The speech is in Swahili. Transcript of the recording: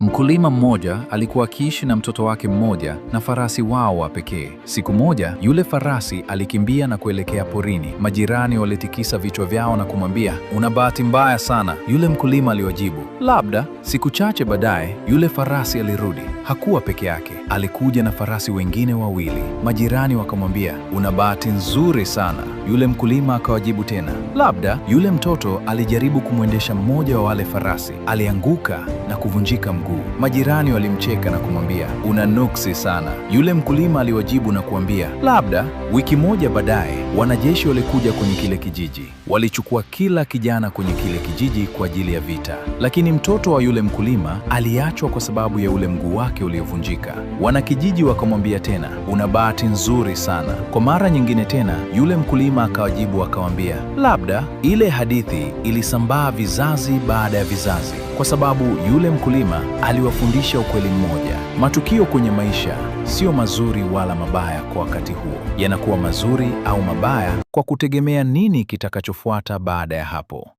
Mkulima mmoja alikuwa akiishi na mtoto wake mmoja na farasi wao wa pekee. Siku moja, yule farasi alikimbia na kuelekea porini. Majirani walitikisa vichwa vyao na kumwambia, una bahati mbaya sana. Yule mkulima aliwajibu, labda. Siku chache baadaye, yule farasi alirudi hakuwa peke yake, alikuja na farasi wengine wawili. Majirani wakamwambia, una bahati nzuri sana. Yule mkulima akawajibu tena, labda yule mtoto alijaribu kumwendesha mmoja wa wale farasi, alianguka na kuvunjika mguu. Majirani walimcheka na kumwambia, una nuksi sana. Yule mkulima aliwajibu na kuambia, labda wiki moja baadaye wanajeshi walikuja kwenye kile kijiji, walichukua kila kijana kwenye kile kijiji kwa ajili ya vita, lakini mtoto wa yule mkulima aliachwa kwa sababu ya ule mguu wake wake uliovunjika. Wanakijiji wakamwambia tena, una bahati nzuri sana. Kwa mara nyingine tena, yule mkulima akawajibu akawaambia labda ile hadithi ilisambaa vizazi baada ya vizazi, kwa sababu yule mkulima aliwafundisha ukweli mmoja: matukio kwenye maisha sio mazuri wala mabaya kwa wakati huo, yanakuwa mazuri au mabaya kwa kutegemea nini kitakachofuata baada ya hapo.